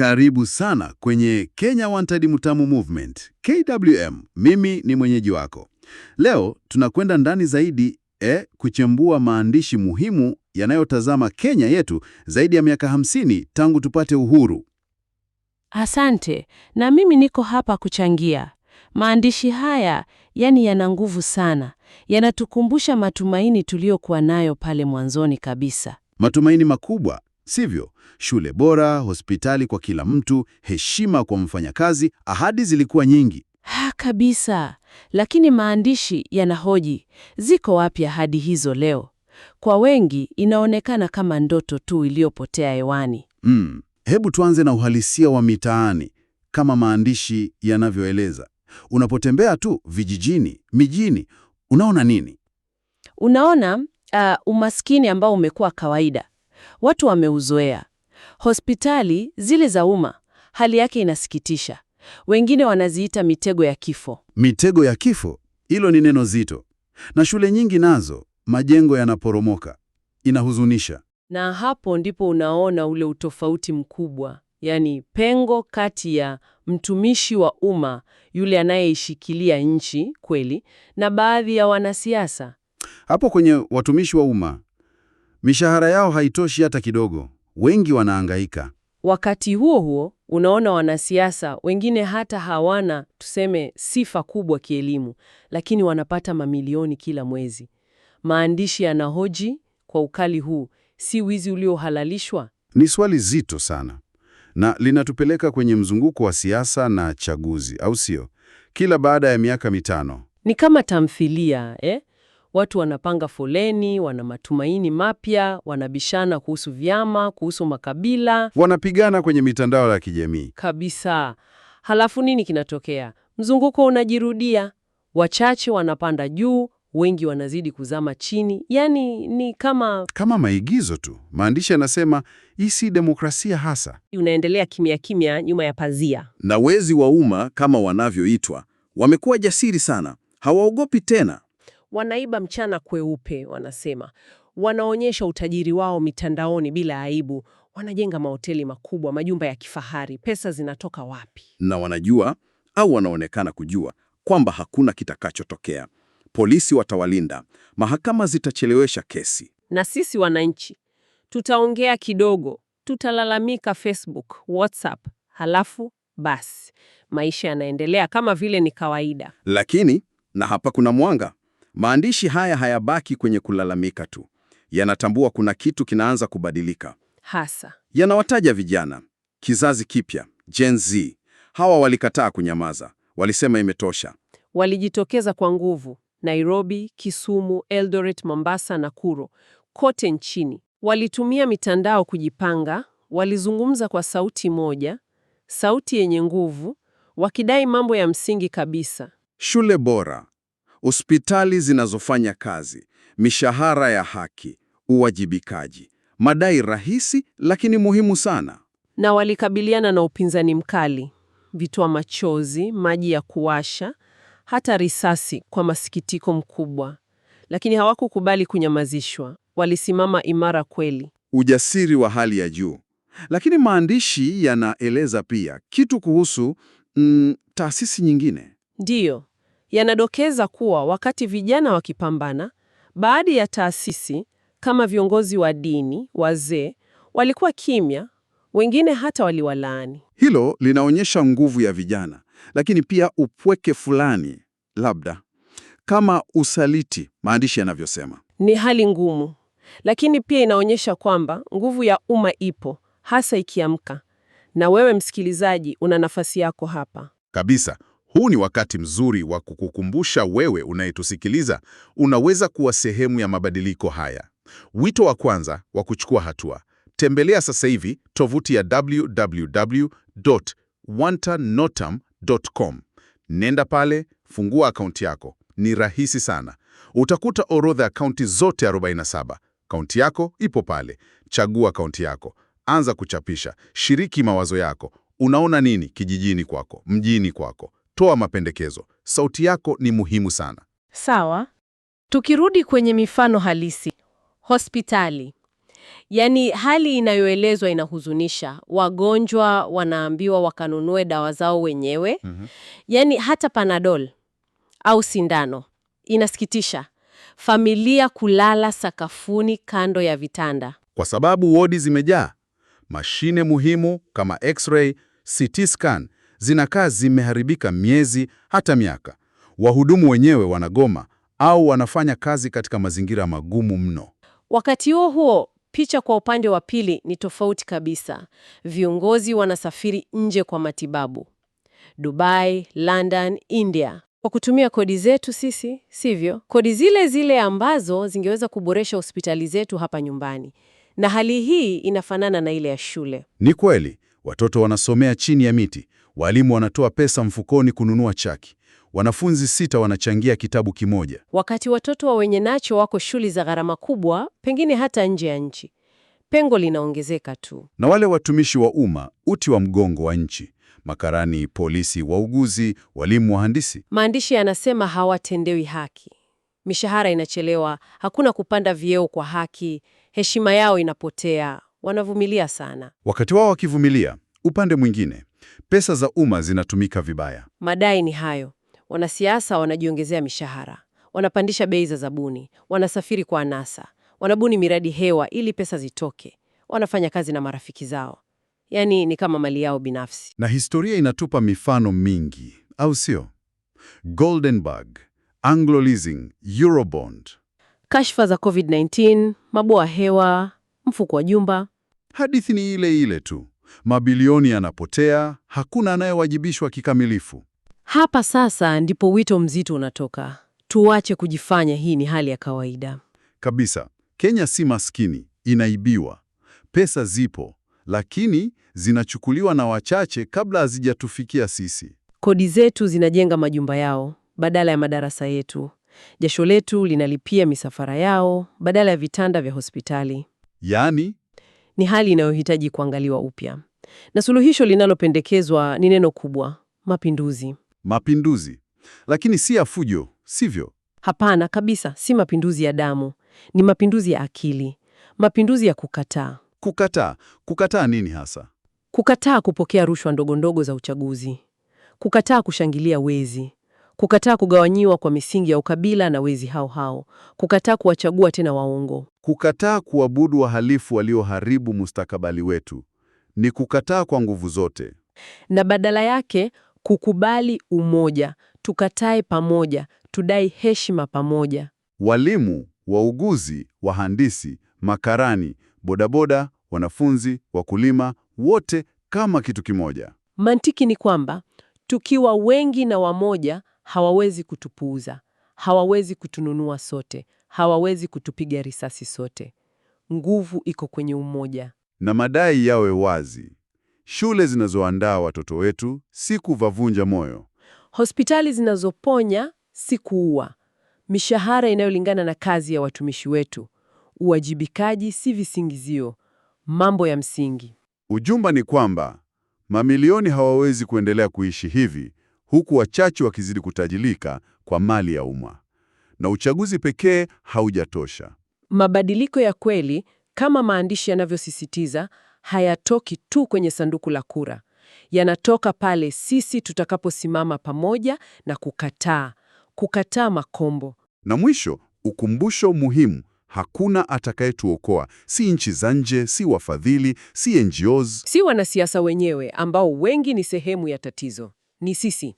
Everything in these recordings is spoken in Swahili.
Karibu sana kwenye Kenya Wanted Mutamu Movement, KWM. Mimi ni mwenyeji wako. Leo tunakwenda ndani zaidi e, eh, kuchambua maandishi muhimu yanayotazama Kenya yetu zaidi ya miaka hamsini tangu tupate uhuru. Asante, na mimi niko hapa kuchangia. Maandishi haya yani yana nguvu sana, yanatukumbusha matumaini tuliyokuwa nayo pale mwanzoni kabisa, matumaini makubwa sivyo? Shule bora, hospitali kwa kila mtu, heshima kwa mfanyakazi, ahadi zilikuwa nyingi. Ha, kabisa. Lakini maandishi yanahoji, ziko wapi ahadi hizo leo? Kwa wengi inaonekana kama ndoto tu iliyopotea hewani. Mm. Hebu tuanze na uhalisia wa mitaani kama maandishi yanavyoeleza. Unapotembea tu vijijini, mijini, unaona nini? Unaona uh, umaskini ambao umekuwa kawaida, watu wameuzoea. Hospitali zile za umma, hali yake inasikitisha. Wengine wanaziita mitego ya kifo. Mitego ya kifo, hilo ni neno zito. Na shule nyingi nazo, majengo yanaporomoka. Inahuzunisha. Na hapo ndipo unaona ule utofauti mkubwa, yaani pengo kati ya mtumishi wa umma, yule anayeishikilia nchi kweli, na baadhi ya wanasiasa. Hapo kwenye watumishi wa umma Mishahara yao haitoshi hata kidogo, wengi wanaangaika. Wakati huo huo, unaona wanasiasa wengine hata hawana tuseme sifa kubwa kielimu, lakini wanapata mamilioni kila mwezi. Maandishi yanahoji kwa ukali huu, si wizi uliohalalishwa? Ni swali zito sana, na linatupeleka kwenye mzunguko wa siasa na chaguzi, au sio? Kila baada ya miaka mitano ni kama tamthilia eh? Watu wanapanga foleni, wana matumaini mapya, wanabishana kuhusu vyama, kuhusu makabila, wanapigana kwenye mitandao ya kijamii kabisa. Halafu nini kinatokea? Mzunguko unajirudia, wachache wanapanda juu, wengi wanazidi kuzama chini. Yaani ni kama kama maigizo tu. Maandishi yanasema hii si demokrasia hasa, unaendelea kimya kimya nyuma ya pazia. Na wezi wa umma kama wanavyoitwa wamekuwa jasiri sana, hawaogopi tena wanaiba mchana kweupe, wanasema wanaonyesha utajiri wao mitandaoni bila aibu, wanajenga mahoteli makubwa, majumba ya kifahari. Pesa zinatoka wapi? Na wanajua au wanaonekana kujua kwamba hakuna kitakachotokea. Polisi watawalinda, mahakama zitachelewesha kesi, na sisi wananchi tutaongea kidogo, tutalalamika Facebook, WhatsApp, halafu basi maisha yanaendelea kama vile ni kawaida. Lakini na hapa kuna mwanga. Maandishi haya hayabaki kwenye kulalamika tu, yanatambua kuna kitu kinaanza kubadilika. Hasa yanawataja vijana, kizazi kipya, Gen Z. Hawa walikataa kunyamaza, walisema imetosha, walijitokeza kwa nguvu. Nairobi, Kisumu, Eldoret, Mombasa, Nakuru, kote nchini walitumia mitandao kujipanga. Walizungumza kwa sauti moja, sauti yenye nguvu, wakidai mambo ya msingi kabisa: shule bora, hospitali zinazofanya kazi, mishahara ya haki, uwajibikaji, madai rahisi lakini muhimu sana. Na walikabiliana na upinzani mkali, vitoa machozi, maji ya kuwasha, hata risasi, kwa masikitiko mkubwa, lakini hawakukubali kunyamazishwa. Walisimama imara kweli, ujasiri wa hali ya juu. Lakini maandishi yanaeleza pia kitu kuhusu mm, taasisi nyingine. Ndiyo, yanadokeza kuwa wakati vijana wakipambana, baadhi ya taasisi kama viongozi wa dini, wazee, walikuwa kimya, wengine hata waliwalaani. Hilo linaonyesha nguvu ya vijana, lakini pia upweke fulani, labda kama usaliti, maandishi yanavyosema. Ni hali ngumu, lakini pia inaonyesha kwamba nguvu ya umma ipo, hasa ikiamka. Na wewe msikilizaji, una nafasi yako hapa kabisa. Huu ni wakati mzuri wa kukukumbusha wewe unayetusikiliza, unaweza kuwa sehemu ya mabadiliko haya. Wito wa kwanza wa kuchukua hatua. Tembelea sasa hivi tovuti ya www.wantanotam.com. Nenda pale, fungua akaunti yako. Ni rahisi sana. Utakuta orodha ya kaunti zote 47. Kaunti yako ipo pale. Chagua kaunti yako, anza kuchapisha, shiriki mawazo yako. Unaona nini kijijini kwako, mjini kwako? toa mapendekezo, sauti yako ni muhimu sana. Sawa, tukirudi kwenye mifano halisi, hospitali Yaani, hali inayoelezwa inahuzunisha. Wagonjwa wanaambiwa wakanunue dawa zao wenyewe. mm -hmm. Yaani hata panadol au sindano. Inasikitisha, familia kulala sakafuni kando ya vitanda kwa sababu wodi zimejaa. Mashine muhimu kama x-ray, CT scan zinakaa zimeharibika miezi hata miaka. Wahudumu wenyewe wanagoma au wanafanya kazi katika mazingira magumu mno. Wakati huo huo, picha kwa upande wa pili ni tofauti kabisa. Viongozi wanasafiri nje kwa matibabu, Dubai, London, India, kwa kutumia kodi zetu sisi, sivyo? Kodi zile zile ambazo zingeweza kuboresha hospitali zetu hapa nyumbani. Na hali hii inafanana na ile ya shule. Ni kweli, watoto wanasomea chini ya miti, Walimu wanatoa pesa mfukoni kununua chaki. Wanafunzi sita wanachangia kitabu kimoja. Wakati watoto wa wenye nacho wako shule za gharama kubwa, pengine hata nje ya nchi. Pengo linaongezeka tu. Na wale watumishi wa umma, uti wa mgongo wa nchi. Makarani, polisi, wauguzi, walimu, wahandisi. Maandishi yanasema hawatendewi haki. Mishahara inachelewa, hakuna kupanda vyeo kwa haki, heshima yao inapotea. Wanavumilia sana. Wakati wao wakivumilia, upande mwingine Pesa za umma zinatumika vibaya. Madai ni hayo. Wanasiasa wanajiongezea mishahara, wanapandisha bei za zabuni, wanasafiri kwa anasa, wanabuni miradi hewa ili pesa zitoke, wanafanya kazi na marafiki zao, yaani ni kama mali yao binafsi. Na historia inatupa mifano mingi, au sio? Goldenberg, Anglo Leasing, Eurobond, kashfa za COVID-19, mabua hewa, mfuko wa jumba. Hadithi ni ile ile tu mabilioni yanapotea, hakuna anayewajibishwa kikamilifu. Hapa sasa ndipo wito mzito unatoka, tuache kujifanya hii ni hali ya kawaida kabisa. Kenya si maskini, inaibiwa. Pesa zipo, lakini zinachukuliwa na wachache kabla hazijatufikia sisi. Kodi zetu zinajenga majumba yao badala ya madarasa yetu. Jasho letu linalipia misafara yao badala ya vitanda vya hospitali. Yaani, ni hali inayohitaji kuangaliwa upya, na suluhisho linalopendekezwa ni neno kubwa: mapinduzi. Mapinduzi, lakini si ya fujo, sivyo? Hapana kabisa, si mapinduzi ya damu. Ni mapinduzi ya akili, mapinduzi ya kukataa. Kukataa? Kukataa nini hasa? Kukataa kupokea rushwa ndogo ndogo za uchaguzi, kukataa kushangilia wezi, kukataa kugawanyiwa kwa misingi ya ukabila na wezi hao hao, kukataa kuwachagua tena waongo, kukataa kuabudu wahalifu walioharibu mustakabali wetu. Ni kukataa kwa nguvu zote, na badala yake kukubali umoja. Tukatae pamoja, tudai heshima pamoja. Walimu, wauguzi, wahandisi, makarani, bodaboda, wanafunzi, wakulima, wote kama kitu kimoja. Mantiki ni kwamba tukiwa wengi na wamoja, hawawezi kutupuuza, hawawezi kutununua sote, hawawezi kutupiga risasi sote. Nguvu iko kwenye umoja. Na madai yawe wazi. Shule zinazoandaa watoto wetu, si kuvavunja moyo. Hospitali zinazoponya, si kuua. Mishahara inayolingana na kazi ya watumishi wetu. Uwajibikaji, si visingizio. Mambo ya msingi. Ujumba ni kwamba mamilioni hawawezi kuendelea kuishi hivi huku wachache wakizidi kutajilika kwa mali ya umma. Na uchaguzi pekee haujatosha. Mabadiliko ya kweli, kama maandishi yanavyosisitiza, hayatoki tu kwenye sanduku la kura. Yanatoka pale sisi tutakaposimama pamoja na kukataa, kukataa makombo. Na mwisho, ukumbusho muhimu, hakuna atakayetuokoa, si nchi za nje, si wafadhili, si NGOs, si wanasiasa wenyewe ambao wengi ni sehemu ya tatizo ni sisi.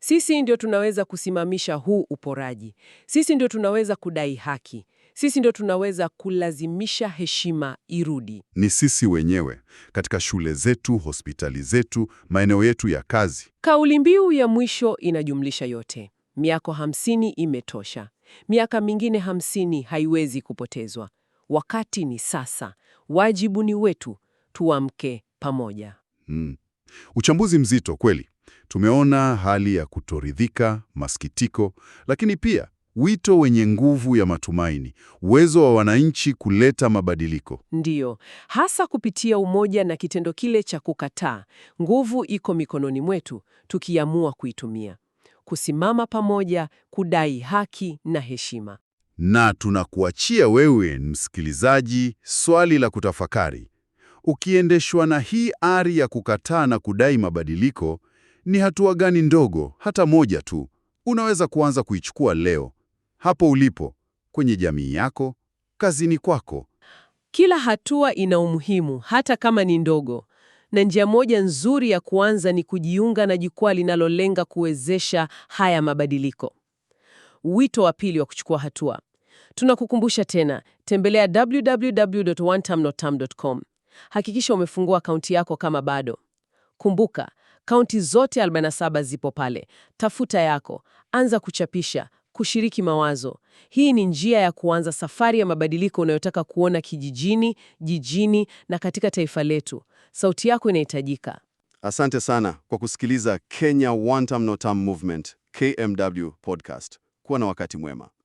Sisi ndio tunaweza kusimamisha huu uporaji. Sisi ndio tunaweza kudai haki. Sisi ndio tunaweza kulazimisha heshima irudi. Ni sisi wenyewe, katika shule zetu, hospitali zetu, maeneo yetu ya kazi. Kauli mbiu ya mwisho inajumlisha yote: miaka hamsini imetosha. Miaka mingine hamsini haiwezi kupotezwa. Wakati ni sasa, wajibu ni wetu. Tuamke pamoja. Hmm. Uchambuzi mzito kweli. Tumeona hali ya kutoridhika, masikitiko, lakini pia wito wenye nguvu ya matumaini, uwezo wa wananchi kuleta mabadiliko. Ndiyo, hasa kupitia umoja na kitendo kile cha kukataa. Nguvu iko mikononi mwetu tukiamua kuitumia, kusimama pamoja, kudai haki na heshima. Na tunakuachia wewe, msikilizaji, swali la kutafakari. Ukiendeshwa na hii ari ya kukataa na kudai mabadiliko, ni hatua gani ndogo, hata moja tu, unaweza kuanza kuichukua leo, hapo ulipo, kwenye jamii yako, kazini kwako? Kila hatua ina umuhimu, hata kama ni ndogo, na njia moja nzuri ya kuanza ni kujiunga na jukwaa linalolenga kuwezesha haya mabadiliko. Wito wa pili wa kuchukua hatua. Tunakukumbusha tena, tembelea www.onetamnotam.com. Hakikisha umefungua akaunti yako kama bado. Kumbuka, Kaunti zote 47 zipo pale. Tafuta yako, anza kuchapisha, kushiriki mawazo. Hii ni njia ya kuanza safari ya mabadiliko unayotaka kuona kijijini, jijini na katika taifa letu. Sauti yako inahitajika. Asante sana kwa kusikiliza Kenya Wantam Notam Movement KMW podcast. Kuwa na wakati mwema.